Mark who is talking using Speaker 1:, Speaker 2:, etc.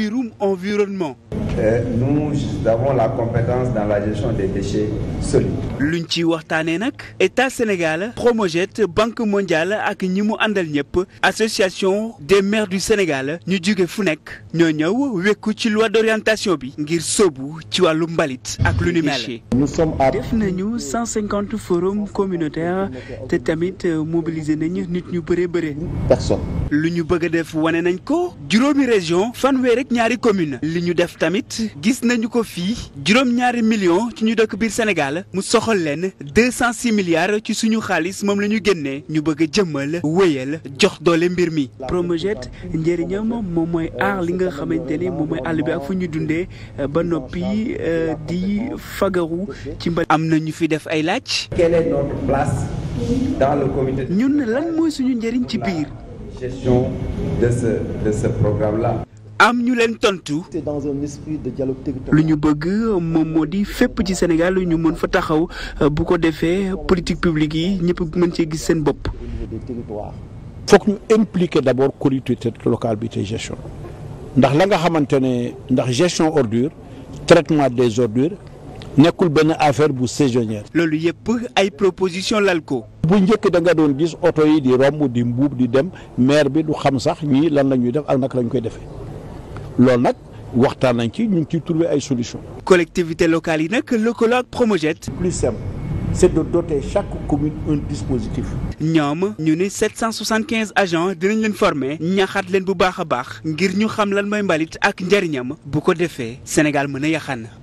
Speaker 1: biirum environnement Euh, nous avons la compétence dans la gestion des déchets solides. luñ ci waxtaanee nag état Sénégal Promojet banque mondiale ak ñi mu àndal ñëpp association des maires du Sénégal ñu jóge fu nekk ñoo ñëw wekku ci loi d'orientation bi ngir sobu ci wàllu mbalit ak lu ni mel. def nañu 150 forums te tamit euh, mobiliser nañu nit ñu bëree bëri. personne. lu ñu bëgg a def wane nañ ko juróomi région fanweer ak ñaari commune li ñu def tamit. gis nañu ko fii juróom-ñaari millions ci ñu dëkk biir Sénégal mu soxal leen deux cent six ci suñu xaalis moom la ñu génnee ñu bëgg a jëmmal wéyal jox doole mbir mi. Promojet njëriñam moom mooy aar li nga xamante ni moom mooy àll bi ak fu ñu dundee euh, ba noppi euh, di fagaru ci mbal. am na ñu fi def ay laaj. Quelle est ñun lan mooy suñu njëriñ ci biir. am ñu leen tontu. c'est lu ñu bëgg moom moo di fépp ci Sénégal ñu mën fa taxaw bu ko defee politique publique yi ñëpp mën cee gis seen bopp.
Speaker 2: foog ñu impliquer d'abord collectivité locale bi te gestion ndax la nga xamante ne ndax gestion ordure traitement des ordures nekkul benn affaire bu saisonnière. loolu yëpp ay proposition lal ko. bu njëkk da nga doon gis oto yi di romb di mbuub di dem maire bi du xam sax ñii lan la ñuy def ak naka lañu koy defee. loolu nag waxtaan nañ ci ñu ngi ciy trouver ay solutions. collectivités locales yi nag lëkkaloo ak Promojet. plus simple c'est de doter chaque commune un dispositif.
Speaker 1: ñoom ñu ne 775 agents dinañ leen former ñaxaat leen bu baax a baax ngir ñu xam lan mooy mbalit ak njariñam bu ko defee Sénégal mën a yaxan